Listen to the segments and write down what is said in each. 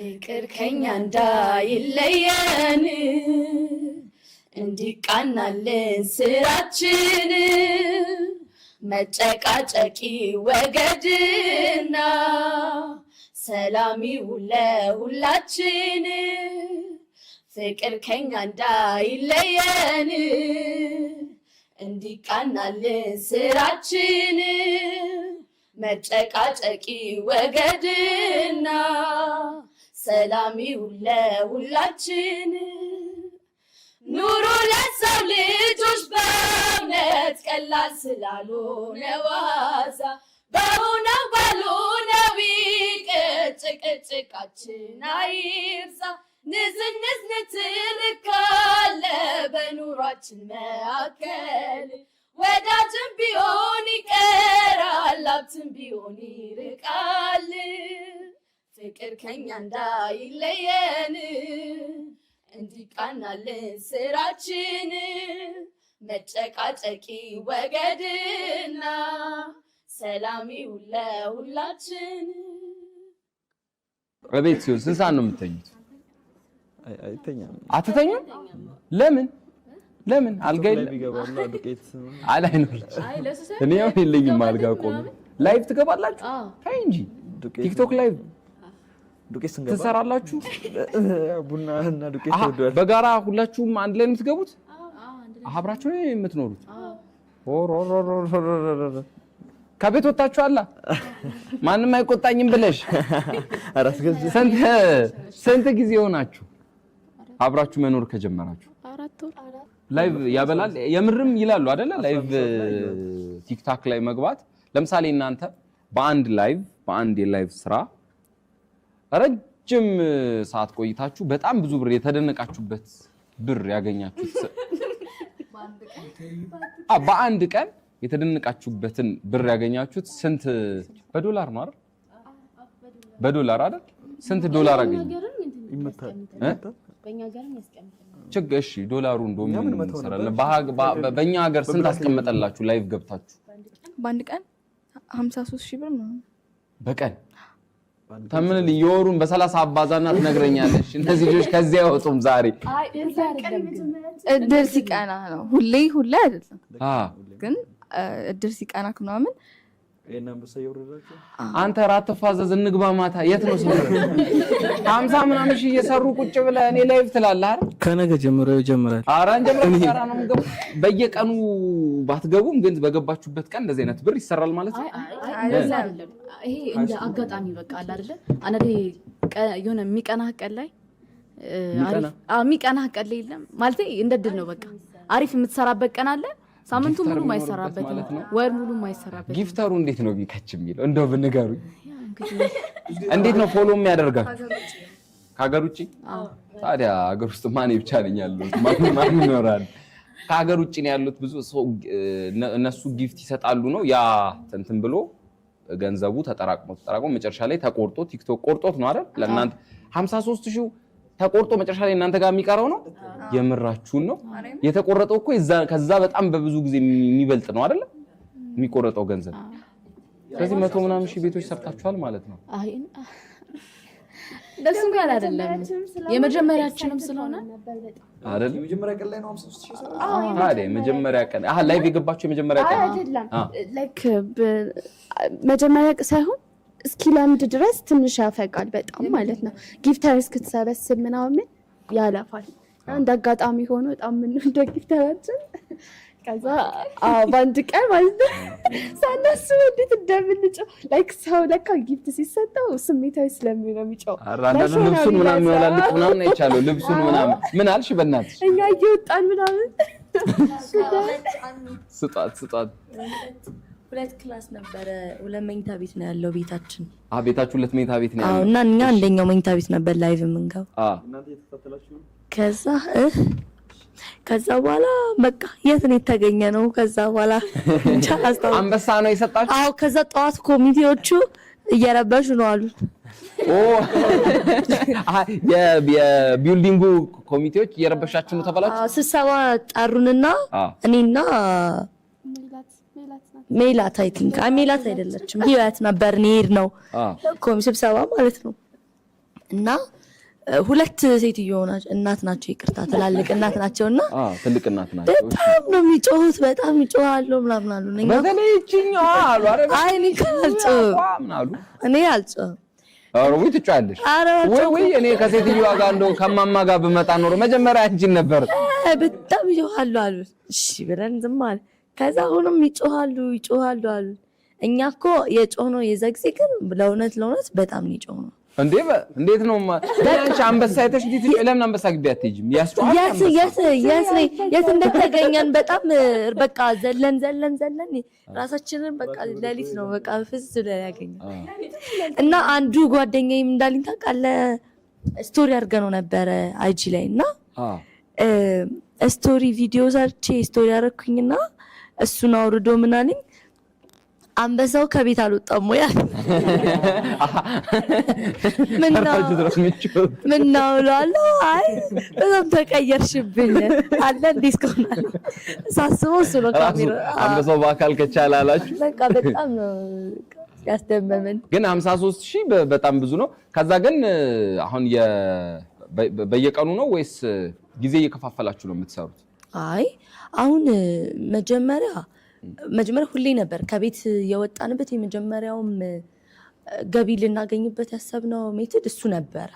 ፍቅር ከኛ እንዳይለየን እንዲቃናልን ስራችን መጨቃጨቂ ወገድና ሰላሚ ሁላችን ፍቅር ከኛ እንዳይለየን እንዲቃናልን ስራችን መጨቃጨቂ ወገድና ሰላም ይሁን ለሁላችን። ኑሮ ለሰው ልጆች በእምነት ቀላል ስላልሆነ ዋዛ በሆነው ባልሆነው ይቅር ጭቅጭቃችን አይብዛ። ንዝንዝ ንትንካለ በኑሯችን መካከል ወዳጅም ቢሆን ይቀራል፣ ሀብትም ቢሆን ይርቃል። ፍቅር ከኛ እንዳይለየን እንዲቃናልን ስራችን መጨቃጨቂ ወገድና ሰላም ይሁን ለሁላችን። እቤት ሲሆን ስንት ሰዓት ነው የምተኙት? አትተኙም? ለምን ለምን? አልጋ የለም። እኔ ያው የለኝም አልጋ። ቆሜ ላይቭ ትገባላችሁ? ተይ እንጂ ቲክቶክ ላይቭ ዱቄት ስንገባ ትሰራላችሁ? ቡና እና ዱቄት በጋራ ሁላችሁም አንድ ላይ የምትገቡት? አብራችሁ ነው የምትኖሩት? ከቤት ወጣችሁ አላ ማንም አይቆጣኝም ብለሽ ስንት ጊዜ ሆናችሁ አብራችሁ መኖር ከጀመራችሁ? ላይቭ ያበላል የምርም ይላሉ አይደለ? ላይቭ ቲክታክ ላይ መግባት ለምሳሌ እናንተ በአንድ ላይቭ በአንድ የላይቭ ስራ ረጅም ሰዓት ቆይታችሁ በጣም ብዙ ብር የተደነቃችሁበት ብር ያገኛችሁት በአንድ ቀን የተደነቃችሁበትን ብር ያገኛችሁት ስንት በዶላር ነው አይደል? በዶላር አይደል? ስንት ዶላር አገኘ? እሺ፣ ዶላሩ በእኛ ሀገር ስንት አስቀመጠላችሁ? ላይቭ ገብታችሁ በአንድ ቀን 53 ሺህ ብር ነው በቀን ተምን የወሩን በሰላሳ አባዛና ትነግረኛለሽ። እነዚህ ልጆች ከዚህ አይወጡም። ዛሬ እድር ሲቀና ነው። ሁሌ ሁሌ አይደለም ግን እድር ሲቀና ምናምን አንተ ራት ተፋዘዝ እንግባ ማታ የት ነው ሰው ሀምሳ ምናምን ሺህ እየሰሩ ቁጭ ብለ እኔ ላይቭ ትላለህ አይደል? ከነገ ጀምሮ ይጀምራል። ኧረ እንጀምራለን። ነው በየቀኑ ባትገቡም ግን በገባችሁበት ቀን እንደዚህ አይነት ብር ይሰራል ማለት ነው። ይሄ እንደ አጋጣሚ በቃ አለ አይደለ አንዴ የሆነ የሚቀናህ ቀን ላይ የሚቀናህ ቀን ላይ የለም ማለት እንደ ድል ነው በቃ አሪፍ የምትሰራበት ቀን አለ ሳምንቱ ሙሉ ማይሰራበት ወር ሙሉ ማይሰራበት ጊፍተሩ እንዴት ነው ቢከች የሚለው እንደው ብንገሩ እንዴት ነው ፎሎ የሚያደርጋችሁ ከሀገር ውጭ ታዲያ ሀገር ውስጥ ማን ብቻ ነኝ ያሉት ማን ይኖራል ከሀገር ውጭ ነው ያሉት ብዙ ሰው እነሱ ጊፍት ይሰጣሉ ነው ያ እንትን ብሎ ገንዘቡ ተጠራቅሞ ተጠራቅሞ መጨረሻ ላይ ተቆርጦ ቲክቶክ ቆርጦት ነው አይደል? ለእናንተ 53 ሺህ ተቆርጦ መጨረሻ ላይ እናንተ ጋር የሚቀረው ነው። የምራችሁን ነው የተቆረጠው እኮ ከዛ በጣም በብዙ ጊዜ የሚበልጥ ነው አይደል? የሚቆረጠው ገንዘብ ስለዚህ መቶ ምናምን ሺህ ቤቶች ሰርታችኋል ማለት ነው። እንደሱም ጋር አይደለም የመጀመሪያችንም ስለሆነ አይደል? የመጀመሪያ ቀን ላይ ነው። መጀመሪያ ቀን አሃ ላይቭ የገባችሁ የመጀመሪያ ቀን ላይክ መጀመሪያ ሳይሆን እስኪ ለምድ ድረስ ትንሽ ያፈቃል በጣም ማለት ነው። ጊፍተር እስክትሰበስብ ምናምን ያለፋል። እንደ አጋጣሚ ሆኖ በጣም ምን ከዛ በአንድ ቀን ማለት ነው ሳናስበው እንዴት እንደምንጨው ላይክ ሰው ለካ ጊፍት ሲሰጠው ስሜታዊ ስለሚሆን ነው የሚጨው። ልብሱን ምናምን ይወላልቅ ምናምን አይቻለሁ። ልብሱን ምናምን ምን አልሽ? በእናትሽ እኛ እየወጣን ምናምን ስጧት ስጧት። ሁለት ክላስ ነበረ። ሁለት መኝታ ቤት ነው ያለው ቤታችን። ቤታችሁ ሁለት መኝታ ቤት ነው ያለው እና እኛ አንደኛው መኝታ ቤት ነበር ላይቭ የምንገባው ከዛ ከዛ በኋላ በቃ የት ነው የተገኘ ነው። ከዛ በኋላ አንበሳ ነው የሰጣችሁ? አዎ። ከዛ ጠዋት ኮሚቴዎቹ እየረበሹ ነው አሉ። የቢልዲንጉ ኮሚቴዎች እየረበሻችሁ ነው ተባላችሁ? ስብሰባ ጠሩንና እኔና ሜላት አይ ቲንክ አይ ሜላት አይደለችም፣ ህይወት ነበር። እኔ ሄድ ነው ስብሰባ ማለት ነው እና ሁለት ሴትዮ እናት ናቸው። ይቅርታ ትላልቅ እናት ናቸው እና ትልቅ እናት ናቸው። በጣም ነው የሚጮሁት፣ በጣም ይጮሃሉ ምናምን አሉ። በተለይ ይችኛዋ አሉ አይ እኔ አልጮህም እኔ አልጮህም። ወይ ትጮያለሽ ወይ? እኔ ከሴትዮዋ ጋር እንደው ከማማ ጋር ብመጣ ኖሮ መጀመሪያ አንቺን ነበር። በጣም ይጮሃሉ አሉ። እሺ ብለን ዝም አለ። ከዛ አሁንም ይጮሃሉ ይጮሃሉ አሉ። እኛ እኮ የጮህ ነው የዛ ግን ለእውነት ለእውነት በጣም ነው የጮህ ነው እንዴ እንዴት ነው አንቺ አንበሳ አይተሽ እንዴት ነው ለምን አንበሳ ግቢ አትሄጂም? ያስጨዋል ያስ ያስ ያስ የት እንደተገኘን በጣም በቃ ዘለን ዘለን ዘለን ራሳችንን በቃ ለሊት ነው በቃ ፍዝ ብለን ያገኘን እና አንዱ ጓደኛዬም እንዳለኝ ታውቃለህ ስቶሪ አድርገነው ነበረ አይጂ ላይ እና ስቶሪ ቪዲዮ ሰርቼ ስቶሪ አደረኩኝና እሱን አውርዶ ምናልኝ አንበሳው ከቤት አልወጣም ወይ? አይ በጣም ተቀየርሽብኝ አለ። እንዴ ሳስበው እሱ ነው። አንበሳው በአካል ከቻለ አላችሁ። በቃ በጣም ነው ያስደመመን። ግን ሶስት ሺህ በጣም ብዙ ነው። ከዛ ግን አሁን በየቀኑ ነው ወይስ ጊዜ እየከፋፈላችሁ ነው የምትሰሩት? አይ አሁን መጀመሪያ መጀመሪያ ሁሌ ነበር ከቤት የወጣንበት የመጀመሪያውም ገቢ ልናገኝበት ያሰብነው ሜትድ እሱ ነበር።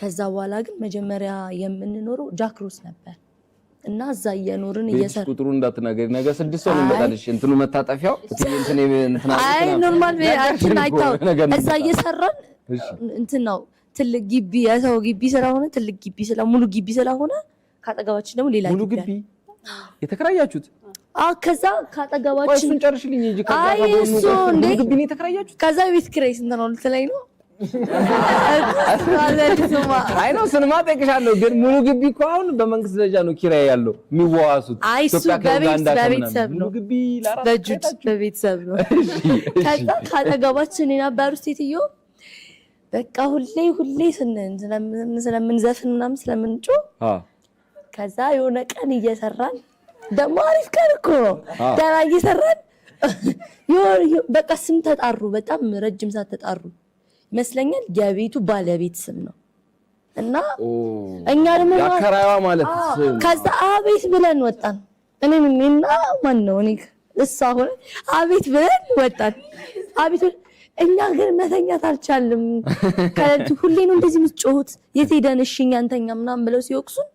ከዛ በኋላ ግን መጀመሪያ የምንኖረው ጃክሮስ ነበር እና እዛ እየኖርን እየሰራን ቁጥሩ እንዳትናገሪ ነገ ስድስት ሰው ይመጣልሽ እንትኑ መታጠፊያው አይ ኖርማል እዛ እየሰራን እንትን ነው ትልቅ ግቢ የሰው ግቢ ስለሆነ ትልቅ ግቢ ሙሉ ግቢ ስለሆነ ከአጠገባችን ደግሞ ሌላ ሙሉ ግቢ የተከራያችሁት ከዛ ጨርሽልኝ እንጂ ከዛ ቤት ኪራይ ስንት ነው ልትለኝ ነው? አይ ነው ስንማ ጠይቅሻለሁ። ግን ሙሉ ግቢ እኮ አሁን በመንግስት ደረጃ ነው ኪራይ ያለው የሚዋዋሱት። አይ እሱ በቤተሰብ በቤተሰብ ነው። ከዛ ካጠገባችን የነበሩ ሴትዮ በቃ ሁሌ ሁሌ ስለምንዘፍን ምናምን ስለምንጮ ከዛ የሆነ ቀን እየሰራን ደግሞ አሪፍ ቀን እኮ ነው። ደህና እየሰራን በቃ ስም ተጣሩ። በጣም ረጅም ሰዓት ተጣሩ ይመስለኛል። የቤቱ ባለቤት ስም ነው እና እኛ ደግሞ ያከራዋ ማለት ከዛ አቤት ብለን ወጣን። እኔም እኔና ማን ነው እኔ እሷ ሆነ አቤት ብለን ወጣን። አቤት እኛ ግን መተኛት አልቻልም። ሁሌ ነው እንደዚህ የምትጮሁት የት ሄደን እሺ እኛ እንተኛ ምናምን ብለው ሲወቅሱን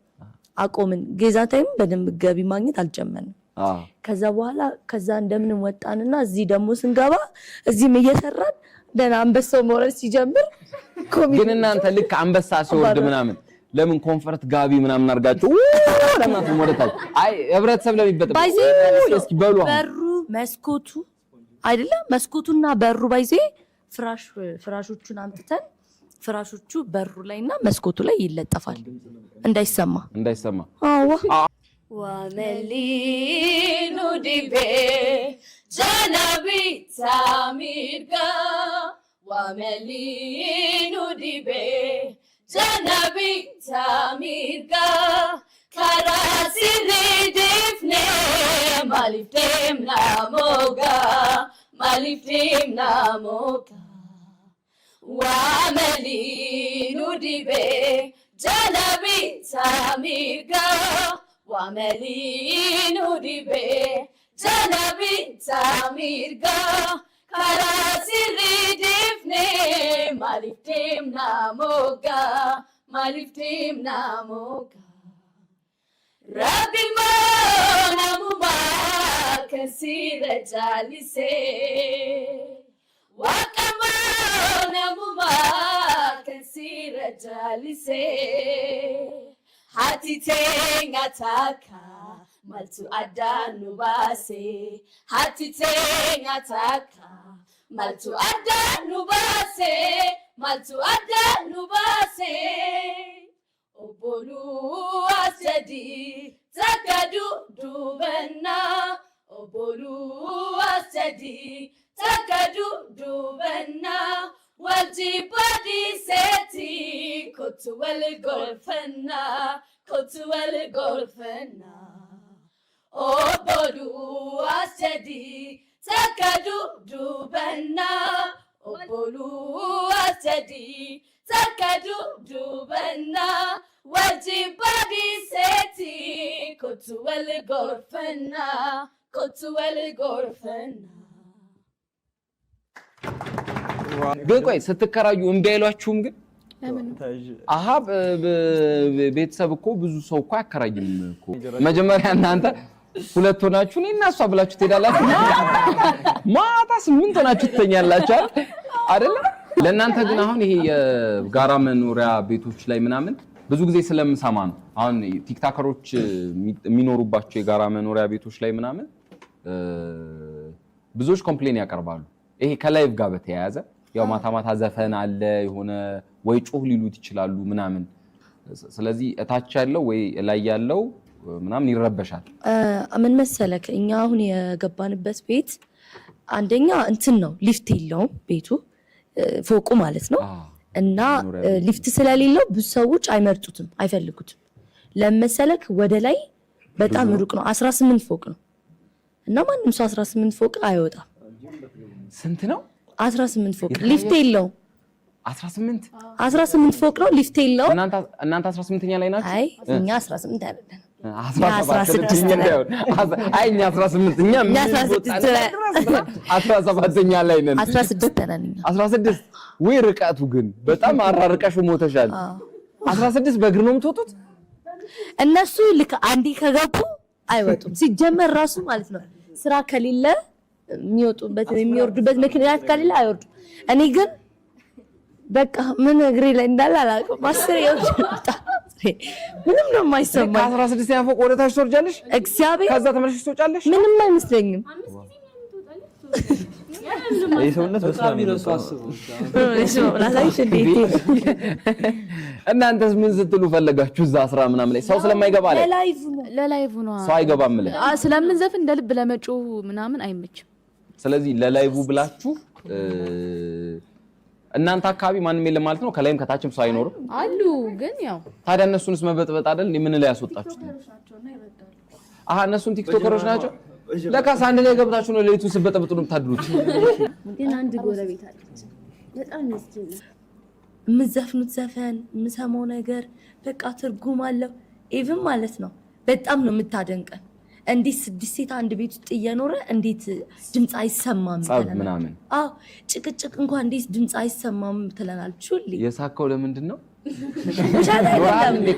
አቆምን። ጌዛ ታይም በደንብ ገቢ ማግኘት አልጀመንም። ከዛ በኋላ ከዛ እንደምን ወጣንና እዚህ ደግሞ ስንገባ እዚህም እየሰራን ደህና አንበሳው መውረድ ሲጀምር ግን እናንተ ልክ አንበሳ ሲወርድ ምናምን ለምን ኮንፈርት ጋቢ ምናምን አድርጋችሁ ለምን አትሞደታችሁ? አይ ህብረተሰብ ለሚበጥ ባይዜ በሩ መስኮቱ አይደለም መስኮቱና በሩ ባይዜ ፍራሽ ፍራሾቹን አምጥተን ፍራሾቹ በሩ ላይ እና መስኮቱ ላይ ይለጠፋል እንዳይሰማ እንዳይሰማ። ወመሊኑ ዲቤ ጀናቢ ታሚርጋ ወመሊኑ ዲቤ ጀናቢ ታሚርጋ ከራሲሪ ድፍኔ ማሊፍቴም ናሞጋ ማሊፍቴም ናሞጋ wamelinudibe jana vitamiga wamelinudibe jana vitamiga karasiridifne maliftim namoga maliftim namoga rabima namuma kasira jalise وكما كثير say hati tenga taka maltu adanu base hati tenga taka maltu adanu base matu adanu base obolu asedi takadu dubenna obolu asedi takadu dubanna waljibadi seti kutwal golfanna kutwal golfanna o bodu sakadu takadu dubanna o bolu asedi takadu dubanna waljibadi seti kutwal golfanna kutwal golfanna ግን ቆይ ስትከራዩ እምቢ አይሏችሁም ግን አሀ ቤተሰብ እኮ ብዙ ሰው እኮ አያከራይም እኮ መጀመሪያ እናንተ ሁለት ሆናችሁ እኔ እና እሷ ብላችሁ ትሄዳላችሁ ማታ ስምንት ሆናችሁ ትተኛላችሁ አይደለ ለእናንተ ግን አሁን ይሄ የጋራ መኖሪያ ቤቶች ላይ ምናምን ብዙ ጊዜ ስለምሰማ ነው አሁን ቲክታከሮች የሚኖሩባቸው የጋራ መኖሪያ ቤቶች ላይ ምናምን ብዙዎች ኮምፕሌን ያቀርባሉ ይሄ ከላይቭ ጋር በተያያዘ ያው ማታ ማታ ዘፈን አለ የሆነ ወይ ጮህ ሊሉት ይችላሉ ምናምን። ስለዚህ እታች ያለው ወይ ላይ ያለው ምናምን ይረበሻል። ምን መሰለክ እኛ አሁን የገባንበት ቤት አንደኛ እንትን ነው ሊፍት የለውም ቤቱ ፎቁ ማለት ነው። እና ሊፍት ስለሌለው ብዙ ሰዎች አይመርጡትም፣ አይፈልጉትም። ለመሰለክ ወደ ላይ በጣም ሩቅ ነው። 18 ፎቅ ነው እና ማንም ሰው 18 ፎቅ አይወጣም። ስንት ነው 18 ፎቅ ሊፍት የለው። 18 18 ፎቅ ነው ሊፍት የለው። እናንተ 18ኛ ላይ ናችሁ? አይ እኛ 18 አይደለም። ወይ ርቀቱ ግን በጣም አራርቀሽ ሞተሻል። በእግር ነው የምትወጡት? እነሱ ልክ አንዴ ከገቡ አይወጡም። ሲጀመር ራሱ ማለት ነው ስራ ከሌለ የሚወጡበት የሚወርዱበት ምክንያት ከሌለ አይወርዱ። እኔ ግን በቃ ምን እግሬ ላይ እንዳለ አላውቅም። አስር ምንም ነው የማይሰማኝ። ከአስራ ስድስተኛ ፎቅ ወደ ታች ትወርጃለሽ፣ እግዚአብሔር ከዛ ተመለሽ ትወጫለሽ። ምንም አይመስለኝም። እናንተስ ምን ስትሉ ፈለጋችሁ? እዛ ስራ ምናምን ላይ ሰው ስለማይገባ ለላይቭ ነው ሰው አይገባም። ስለምንዘፍ እንደ ልብ ለመጮህ ምናምን አይመችም። ስለዚህ ለላይቡ ብላችሁ እናንተ አካባቢ ማንም የለም ማለት ነው። ከላይም ከታችም ሰው አይኖርም አሉ። ግን ያው ታዲያ እነሱንስ መበጥበጥ አይደል? ምን ላይ ያስወጣችሁት? አሀ እነሱን ቲክቶከሮች ናቸው። ለካስ አንድ ላይ ገብታችሁ ነው ሌሊቱን ስበጠብጡ ነው የምታድሩት። ግን አንድ ጎረቤት አለች በጣም ምስኪን። የምዘፍኑት ዘፈን የምሰማው ነገር በቃ ትርጉም አለው። ኢቭን ማለት ነው በጣም ነው የምታደንቀን እንዴት ስድስት ሴት አንድ ቤት ውስጥ እየኖረ እንዴት ድምፅ አይሰማም? ምናምን አዎ፣ ጭቅጭቅ እንኳን እንዴት ድምፅ አይሰማም ትለናለች። ሁሌ የሳከው ለምንድን ነው?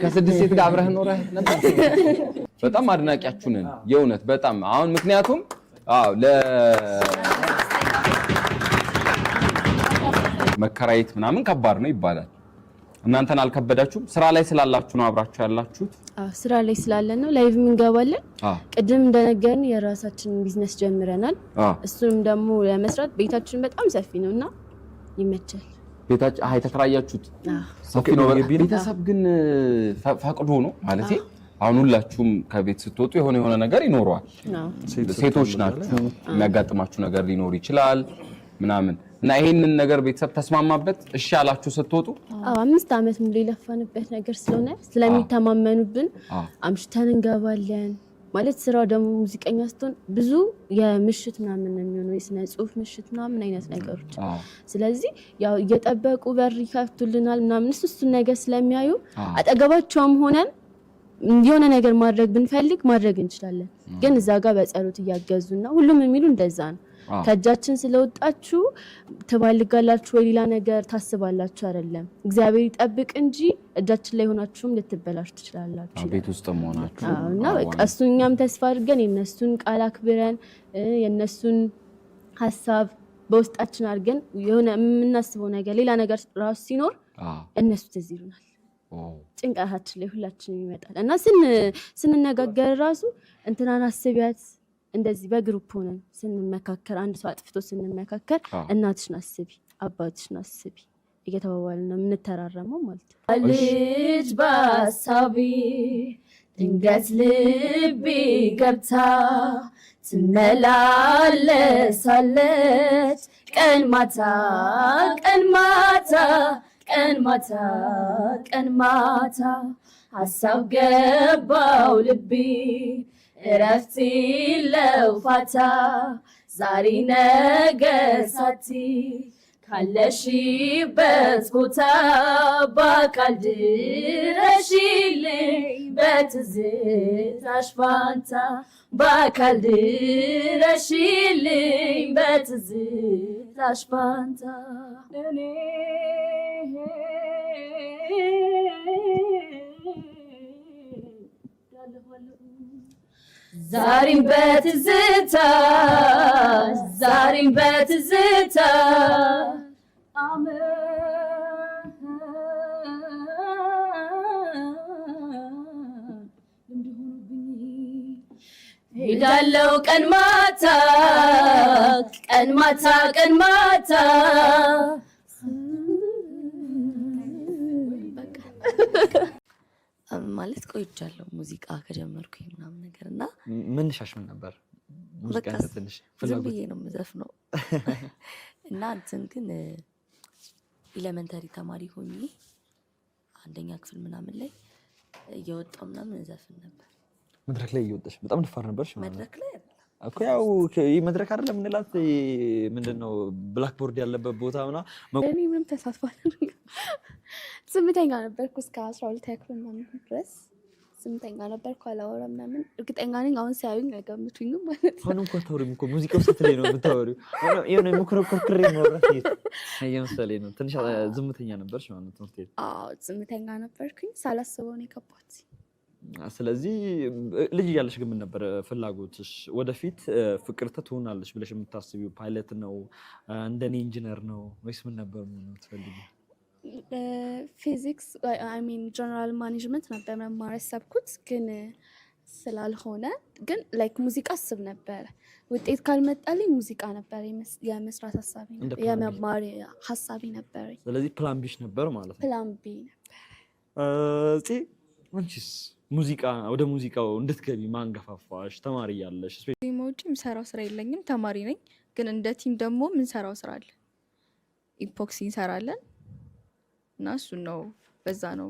ከስድስት ሴት ጋር አብረህ ኖረህ ነበር። በጣም አድናቂያችሁ ነን የእውነት በጣም አሁን ምክንያቱም መከራየት ምናምን ከባድ ነው ይባላል እናንተን አልከበዳችሁም? ስራ ላይ ስላላችሁ ነው አብራችሁ ያላችሁት? ስራ ላይ ስላለን ነው ላይቭ እንገባለን። ቅድም እንደነገርን የራሳችንን ቢዝነስ ጀምረናል። እሱንም ደግሞ ለመስራት ቤታችን በጣም ሰፊ ነው እና ይመቻል። ቤታችን አይ ተከራያችሁት ሰፊ ነው። ቤተሰብ ግን ፈቅዶ ነው ማለት አሁን ሁላችሁም ከቤት ስትወጡ የሆነ የሆነ ነገር ይኖረዋል። ሴቶች ናችሁ፣ የሚያጋጥማችሁ ነገር ሊኖር ይችላል ምናምን እና ይሄንን ነገር ቤተሰብ ተስማማበት። እሺ አላችሁ ስትወጡ። አምስት አመት ሙሉ የለፋንበት ነገር ስለሆነ ስለሚተማመኑብን አምሽተን እንገባለን ማለት ስራው ደግሞ ሙዚቀኛ ስትሆን ብዙ የምሽት ምናምን የሚሆነው የስነ ጽሁፍ ምሽት ምናምን አይነት ነገሮች፣ ስለዚህ ያው እየጠበቁ በር ይከፍቱልናል ምናምን እሱ እሱን ነገር ስለሚያዩ አጠገባቸውም ሆነን የሆነ ነገር ማድረግ ብንፈልግ ማድረግ እንችላለን። ግን እዛ ጋር በጸሎት እያገዙና ሁሉም የሚሉ እንደዛ ነው። ከእጃችን ስለወጣችሁ ትባልጋላችሁ ወይ ሌላ ነገር ታስባላችሁ አይደለም። እግዚአብሔር ይጠብቅ እንጂ እጃችን ላይ ሆናችሁም ልትበላሽ ትችላላችሁ። ቤት ውስጥ መሆናችሁ እና በቃ እኛም ተስፋ አድርገን የእነሱን ቃል አክብረን የእነሱን ሀሳብ በውስጣችን አድርገን የሆነ የምናስበው ነገር ሌላ ነገር ራሱ ሲኖር እነሱ ትዝ ይሉናል። ጭንቀታችን ላይ ሁላችንም ይመጣል እና ስንነጋገር ራሱ እንትናን አስቢያት እንደዚህ በግሩፕ ሆነን ስንመካከር፣ አንድ ሰው አጥፍቶ ስንመካከር እናትሽን አስቢ፣ አባትሽን አስቢ እየተባባልን ነው የምንተራረመው ማለት ነው። ልጅ በሀሳቢ ድንገት ልቢ ገብታ ትመላለሳለች ቀን ማታ ቀን ማታ ቀን ማታ ቀን ማታ ሀሳብ ገባው ልቤ እረፍት የለው ፋታ ዛሬ ነገ ሳትይ ካለሽበት ቦታ በአካል ድረሽልኝ በትዝታሽ ፋንታ በአካል ድረሽልኝ በትዝታሽ ፋንታ ዛሬም በትዝታ ዛሬም በትዝታ ሄዳለው ቀን ማታ ቀን ማታ ቀን ማታ ማለት ቆይቻለሁ ሙዚቃ ከጀመርኩኝ ምናምን ነገር እና ምንሻሽ ምን ነበር? በቃ ዝም ብዬ ነው የምዘፍነው እና እንትን ግን ኢለመንተሪ ተማሪ ሆኜ አንደኛ ክፍል ምናምን ላይ እየወጣሁ ምናምን እዘፍን ነበር። መድረክ ላይ እየወጣሽ በጣም ደፋር ነበርሽ መድረክ ላይ እኮ ያው መድረክ አይደለም እንላት ምንድን ነው ብላክቦርድ ያለበት ቦታ ምና እኔ ምንም ተሳትፏል። ዝምተኛ ነበርኩ እስከ አስራ ሁለት ያክል ምናምን ድረስ ዝምተኛ ነበርኩ። አላወራም ምናምን። እርግጠኛ ነኝ አሁን ሲያዩኝ አይገምቱኝም ማለት ነው። አሁን እኮ አታወሪም እኮ ሙዚቃ ውስጥ ላይ ነው የምታወሪው። የሆነ የምኮረኮርክሬ ማውራት እየመሰለኝ ነው። ትንሽ ዝምተኛ ነበርሽ ማለት ነው? ትምህርት ቤት ዝምተኛ ነበርኩኝ። ሳላስበው ነው የገባሁት ስለዚህ ልጅ እያለሽ ግን ምን ነበር ፍላጎትሽ? ወደፊት ፍቅርተ ትሆናለሽ ብለሽ የምታስቢው ፓይለት ነው እንደኔ ኢንጂነር ነው ወይስ ምን ነበር የምትፈልጊው? ፊዚክስ ሚን ጀነራል ማኔጅመንት ነበር መማር ያሰብኩት ግን ስላልሆነ ግን ላይክ ሙዚቃ አስብ ነበር። ውጤት ካልመጣልኝ ሙዚቃ ነበር የመስራት ሀሳቢ የመማር ሀሳቢ ነበር። ስለዚህ ፕላን ቢሽ ነበር ማለት ነው። ፕላን ቢ ነበር። አንቺስ ሙዚቃ ወደ ሙዚቃው እንድትገቢ ማንገፋፋሽ? ተማሪ እያለሽ ውጭ የምሰራው ስራ የለኝም። ተማሪ ነኝ፣ ግን እንደ ቲም ደግሞ የምንሰራው ስራ አለ። ኢፖክሲ እንሰራለን እና እሱን ነው በዛ ነው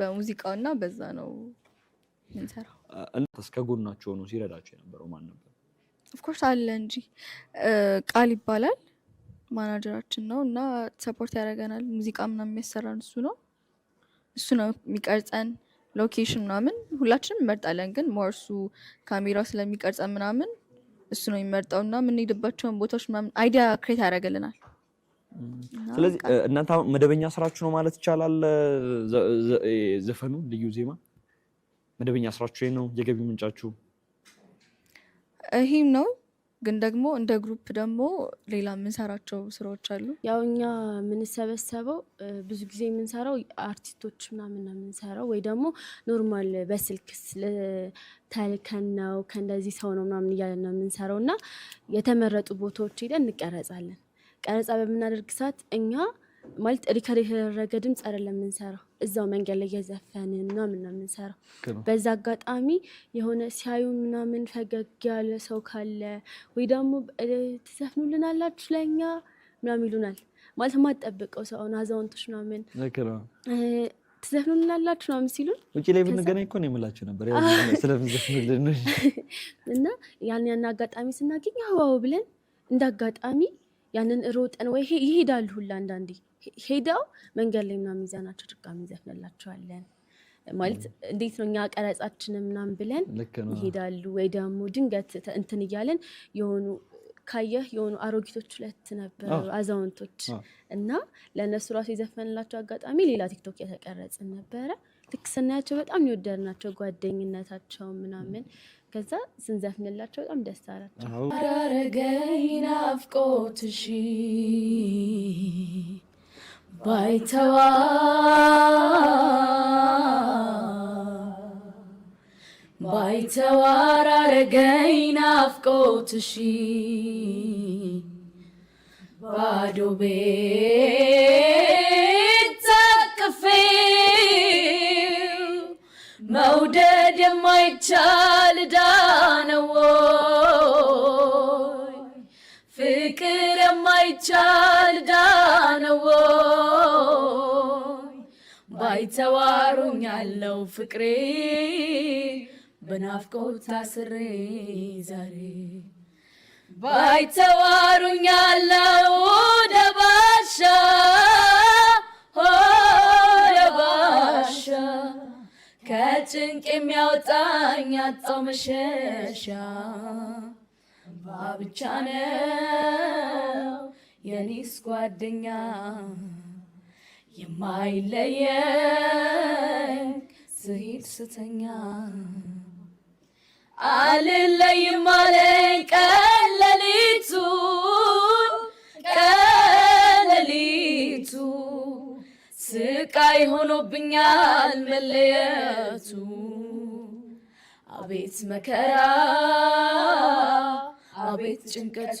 በሙዚቃው እና በዛ ነው ምንሰራው። እስከ ጎናችሁ ሆኖ የነበረው ማን ነበር? ኦፍኮርስ አለ እንጂ ቃል ይባላል ማናጀራችን ነው እና ሰፖርት ያደርገናል። ሙዚቃ ምናምን የሚያሰራን እሱ ነው። እሱ ነው የሚቀርጸን ሎኬሽን ምናምን ሁላችንም እንመርጣለን። ግን ሞርሱ ካሜራው ስለሚቀርጸን ምናምን እሱ ነው የሚመርጠው እና የምንሄድባቸውን ቦታዎች ምናምን አይዲያ ክሬት ያደርግልናል። ስለዚህ እናንተ መደበኛ ስራችሁ ነው ማለት ይቻላል። ዘፈኑ ልዩ ዜማ መደበኛ ስራችሁ ነው፣ የገቢ ምንጫችሁ ይህም ነው። ግን ደግሞ እንደ ግሩፕ ደግሞ ሌላ የምንሰራቸው ስራዎች አሉ። ያው እኛ የምንሰበሰበው ብዙ ጊዜ የምንሰራው አርቲስቶች ምናምን ነው የምንሰራው፣ ወይ ደግሞ ኖርማል በስልክ ተልከን ነው ከእንደዚህ ሰው ነው ምናምን እያለን ነው የምንሰራው እና የተመረጡ ቦታዎች ሄደን እንቀረጻለን። ቀረጻ በምናደርግ ሰዓት እኛ ማለት ሪከር የተደረገ ድምፅ አይደለም የምንሰራው፣ እዛው መንገድ ላይ እየዘፈንን ምናምን ነው የምንሰራው። በዛ አጋጣሚ የሆነ ሲያዩ ምናምን ፈገግ ያለ ሰው ካለ ወይ ደግሞ ትዘፍኑልናላችሁ ለእኛ ምናምን ይሉናል። ማለት የማትጠብቀው ሰው አዛውንቶች ምናምን ትዘፍኑልናላችሁ ምናምን ሲሉን ውጭ ላይ ብንገናኝ እኮ ነው የምላችሁ ነበር ስለምዘፍኑልን እና ያን ያን አጋጣሚ ስናገኝ አዋው ብለን እንደ አጋጣሚ ያንን ሮጠን ወይ ይሄዳሉ ሁላ አንዳንዴ ሄደው መንገድ ላይ ምናምን ይዘናቸው ድጋሚ እንዘፍንላቸዋለን። ማለት እንዴት ነው እኛ ቀረጻችን ምናምን ብለን ይሄዳሉ፣ ወይ ደግሞ ድንገት እንትን እያለን የሆኑ ካየህ የሆኑ አሮጊቶች ሁለት ነበሩ አዛውንቶች፣ እና ለእነሱ ራሱ የዘፈንላቸው አጋጣሚ ሌላ ቲክቶክ የተቀረጽን ነበረ። ልክ ስናያቸው በጣም የወደድ ናቸው ጓደኝነታቸው ምናምን። ከዛ ስንዘፍንላቸው በጣም ደስ አላቸው። አራረገኝ ናፍቆትሽ ባይተዋ ባይተዋር አረገኝ ናፍቆትሽ ባዶ ቤት ታቅፌ መውደድ የማይቻል ዕዳ ፍቅር የማይቻል ዕዳ ነው ባይተዋሩኛለው ፍቅሬ በናፍቆት ታስሬ ዛሬ ባይተዋሩኛለው ደባሻ ደባሻ ከጭንቅ የሚያወጣኝ አጣው መሸሻ ባብቻ ነው የኔስ ጓደኛ የማይለየኝ ስሄድ ስተኛ አልለይም አለኝ ቀለሊቱ ቀለሊቱ ቀን ለሊቱ ስቃይ ሆኖብኛል መለየቱ አቤት መከራ አቤት ጭንቀቱ